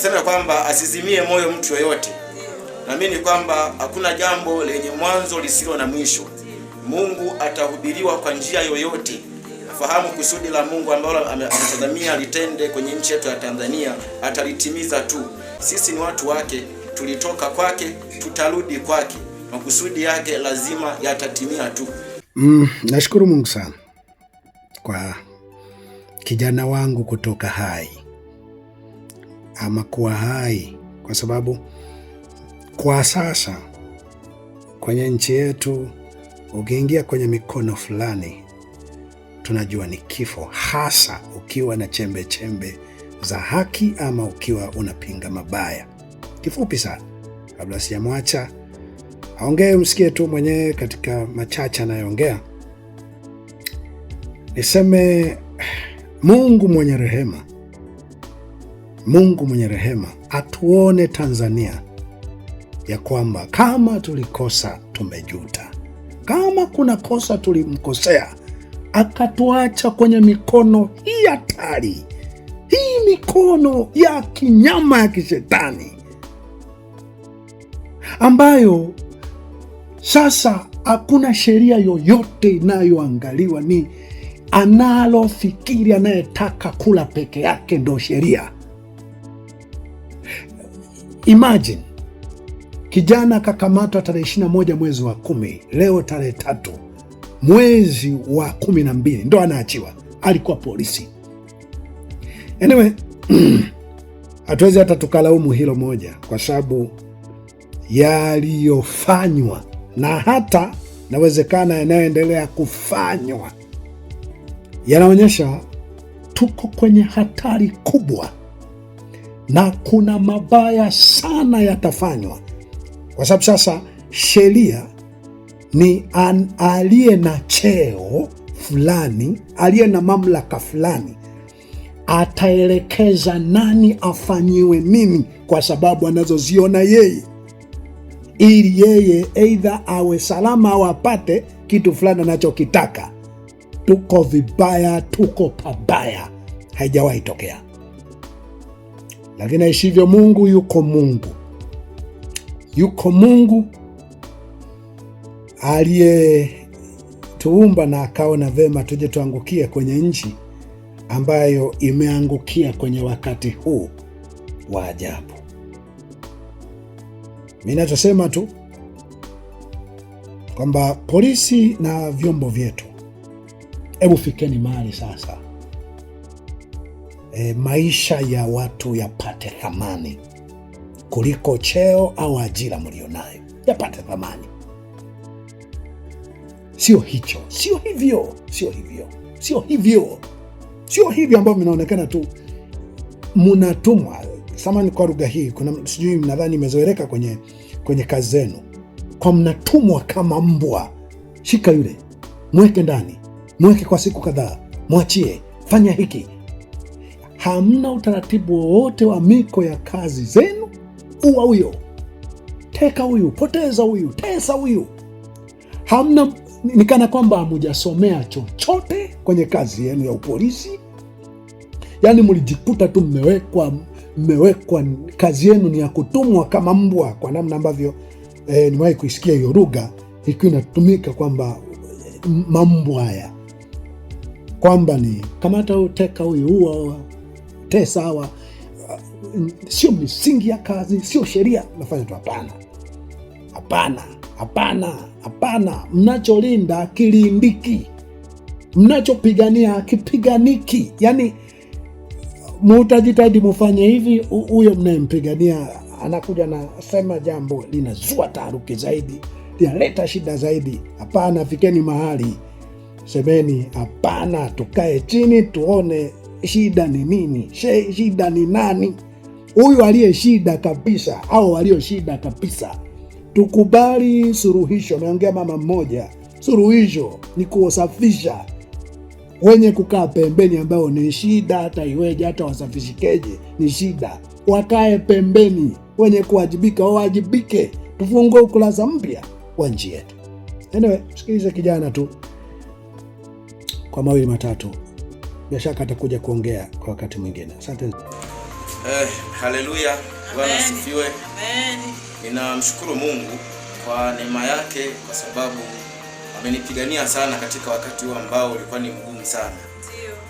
niseme kwamba asizimie moyo mtu yoyote. Naamini kwamba hakuna jambo lenye mwanzo lisilo na mwisho. Mungu atahubiriwa kwa njia yoyote. Fahamu kusudi la Mungu ambalo ametazamia litende kwenye nchi yetu ya Tanzania, atalitimiza tu. Sisi ni watu wake, tulitoka kwake, tutarudi kwake. Makusudi yake lazima yatatimia tu. Mm, nashukuru Mungu sana kwa kijana wangu kutoka Hai ama kuwa hai, kwa sababu kwa sasa kwenye nchi yetu ukiingia kwenye mikono fulani tunajua ni kifo, hasa ukiwa na chembe chembe za haki ama ukiwa unapinga mabaya. Kifupi sana, kabla sijamwacha aongee, msikie tu mwenyewe katika machache anayoongea, niseme Mungu mwenye rehema Mungu mwenye rehema atuone Tanzania ya kwamba kama tulikosa tumejuta, kama kuna kosa tulimkosea akatuacha kwenye mikono hii hatari, hii mikono ya kinyama ya kishetani ambayo sasa hakuna sheria yoyote inayoangaliwa, ni analofikiri anayetaka kula peke yake ndo sheria. Imagine kijana kakamatwa tarehe 21 mwezi wa kumi, leo tarehe tatu mwezi wa kumi na mbili ndo anaachiwa. Alikuwa polisi. Anyway, hatuwezi hata tukalaumu hilo moja, kwa sababu yaliyofanywa na hata nawezekana yanayoendelea kufanywa yanaonyesha tuko kwenye hatari kubwa na kuna mabaya sana yatafanywa, kwa sababu sasa sheria ni aliye na cheo fulani, aliye na mamlaka fulani ataelekeza nani afanyiwe nini, kwa sababu anazoziona yeye, ili yeye eidha awe salama au apate kitu fulani anachokitaka. Tuko vibaya, tuko pabaya, haijawahi tokea lakini aishivyo Mungu yuko Mungu, yuko Mungu aliyetuumba na akaona vema tuje tuangukie kwenye nchi ambayo imeangukia kwenye wakati huu wa ajabu. Mi nachosema tu kwamba polisi na vyombo vyetu, hebu fikeni mahali sasa e, maisha ya watu yapate thamani kuliko cheo au ajira mlionayo, yapate thamani. Sio hicho, sio hivyo, sio hivyo, sio hivyo, sio hivyo ambavyo mnaonekana tu munatumwa samani kwa lugha hii, kuna sijui, mnadhani imezoeleka kwenye, kwenye kazi zenu, kwa mnatumwa kama mbwa. Shika yule, mweke ndani, mweke kwa siku kadhaa, mwachie, fanya hiki hamna utaratibu wowote wa miko ya kazi zenu. Uwa huyo, teka huyu, poteza huyu, tesa huyu, hamna nikana kwamba hamujasomea chochote kwenye kazi yenu ya upolisi. Yaani mlijikuta tu mmewekwa mmewekwa, kazi yenu ni ya kutumwa kama mbwa, kwa namna ambavyo e, nimewahi kuisikia hiyo lugha ikiwa inatumika kwamba eh, mambo haya kwamba ni kamata uteka teka huyu, ua kuwatesa hawa uh, sio misingi ya kazi, sio sheria nafanya tu. Hapana, hapana, hapana, hapana. Mnacholinda kilindiki mnachopigania kipiganiki Yani mutajitahidi mufanye hivi, huyo mnayempigania anakuja nasema jambo linazua taharuki zaidi, linaleta shida zaidi. Hapana, fikeni mahali, semeni hapana, tukae chini tuone shida ni nini? She, shida ni nani? Huyu aliye shida kabisa au walio shida kabisa, tukubali suruhisho Ameongea mama mmoja, suruhisho ni kuwasafisha wenye kukaa pembeni, ambao ni shida. Hata iweje, hata wasafishikeje, ni shida. Wakae pembeni, wenye kuwajibika wawajibike, tufungue ukurasa mpya wa nchi yetu. Anyway, sikilize kijana tu kwa mawili matatu bila shaka atakuja kuongea kwa wakati mwingine. Asante. Eh, haleluya, Bwana asifiwe. Ninamshukuru Mungu kwa neema yake kwa sababu amenipigania sana katika wakati huu ambao ulikuwa ni mgumu sana.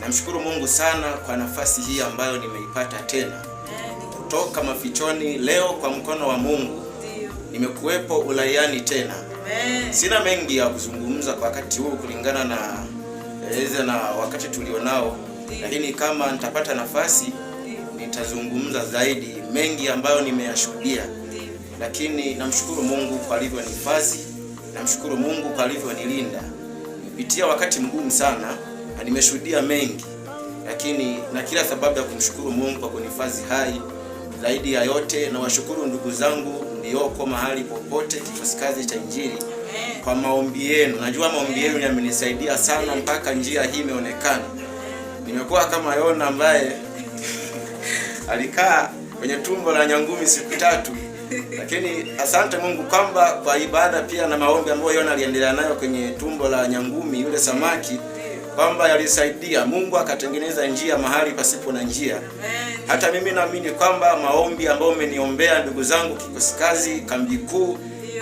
Namshukuru Mungu sana kwa nafasi hii ambayo nimeipata tena kutoka mafichoni leo kwa mkono wa Mungu. Nimekuwepo ulaiani tena. Amen. Sina mengi ya kuzungumza kwa wakati huu kulingana na kuendeleza na wakati tulionao, lakini kama nitapata nafasi nitazungumza zaidi mengi ambayo nimeyashuhudia, lakini namshukuru Mungu kwa nifazi namshukuru Mungu kwa alivyonilinda. Nimepitia wakati mgumu sana na nimeshuhudia mengi, lakini na kila sababu ya kumshukuru Mungu kwa kunifazi hai. Zaidi ya yote, na washukuru ndugu zangu mlioko mahali popote kikosi kazi cha Injili kwa maombi yenu. Najua maombi yenu yamenisaidia sana mpaka njia hii imeonekana. Nimekuwa kama Yona ambaye alikaa kwenye tumbo la nyangumi siku tatu, lakini asante Mungu kwamba kwa ibada pia na maombi ambayo Yona aliendelea nayo kwenye tumbo la nyangumi yule samaki kwamba yalisaidia Mungu akatengeneza njia mahali pasipo na njia. Hata mimi naamini kwamba maombi ambayo umeniombea ndugu zangu Kikosikazi kambi kuu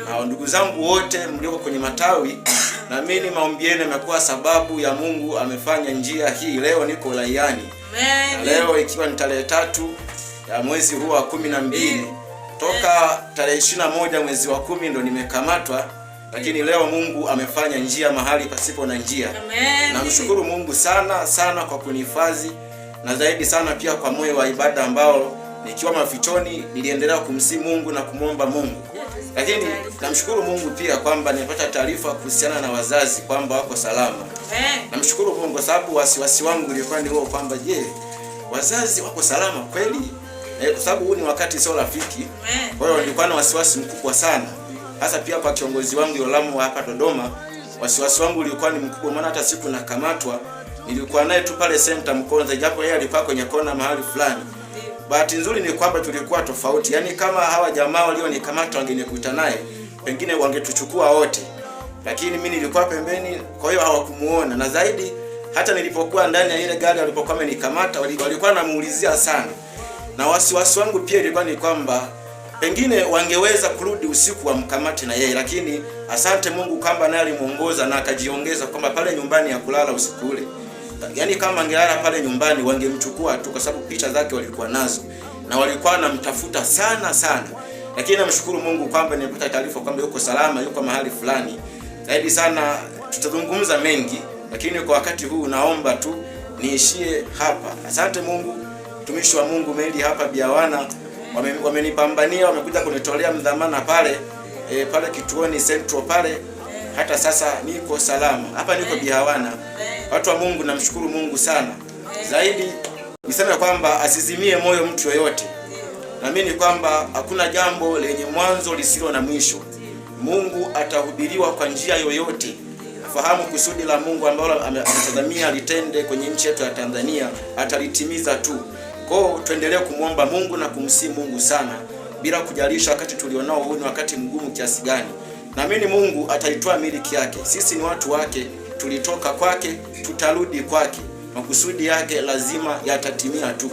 na ndugu zangu wote mlioko kwenye matawi. Naamini maombi yenu yamekuwa sababu ya Mungu amefanya njia hii. Leo niko Laiani na leo ikiwa ni tarehe tatu ya mwezi huu wa kumi na mbili toka tarehe ishirini na moja mwezi wa kumi ndo nimekamatwa, lakini leo Mungu amefanya njia mahali pasipo na njia. Namshukuru Mungu sana sana kwa kunihifadhi na zaidi sana pia kwa moyo wa ibada ambao nikiwa mafichoni niliendelea kumsi Mungu na kumwomba Mungu. Lakini namshukuru Mungu pia kwamba nimepata taarifa kuhusiana na wazazi kwamba wako salama. Namshukuru Mungu kwa sababu wasiwasi wangu ulikuwa ni huo kwamba je, wazazi wako salama kweli? Eh, kwa sababu huu ni wakati sio rafiki. Kwa hiyo nilikuwa na wasiwasi mkubwa sana. Hasa pia kwa kiongozi wangu Yolamu hapa Dodoma, wasiwasi wangu ulikuwa ni mkubwa maana hata siku nakamatwa nilikuwa naye tu pale center Mkonza, japo yeye alikuwa kwenye kona mahali fulani. Bahati nzuri ni kwamba tulikuwa tofauti, yaani kama hawa jamaa walionikamata wangenikuta naye pengine wangetuchukua wote, lakini mimi nilikuwa pembeni, kwa hiyo hawakumuona. Na zaidi hata nilipokuwa ndani ya ile gari walipokuwa wamenikamata, walikuwa namuulizia sana, na wasiwasi wangu pia ilikuwa ni kwamba pengine wangeweza kurudi usiku wamkamate na yeye, lakini asante Mungu kwamba naye alimuongoza na akajiongeza kwamba pale nyumbani ya kulala usiku ule yani kama angelala pale nyumbani wangemchukua tu, kwa sababu picha zake walikuwa nazo na walikuwa wanamtafuta sana sana, lakini namshukuru Mungu kwamba nilipata taarifa kwamba yuko salama, yuko mahali fulani. Zaidi sana tutazungumza mengi, lakini kwa wakati huu naomba tu niishie hapa. Asante Mungu, mtumishi wa Mungu Meli hapa Biawana wamenipambania, wame wamekuja kunitolea mdhamana pale e, pale kituoni Central pale hata sasa niko salama hapa, niko Bihawana. Watu wa Mungu, namshukuru Mungu sana zaidi. Niseme kwamba asizimie moyo mtu yoyote, naamini kwamba hakuna jambo lenye mwanzo lisilo na mwisho. Mungu atahubiriwa kwa njia yoyote. Fahamu kusudi la Mungu ambalo ametazamia litende kwenye nchi yetu ya Tanzania, atalitimiza tu. hiyo tuendelee kumwomba Mungu na kumsihi Mungu sana, bila kujalisha wakati tulionao huu ni wakati mgumu kiasi gani. Naamini Mungu ataitoa miliki yake, sisi ni watu wake tulitoka kwake, tutarudi kwake. Makusudi yake lazima yatatimia tu.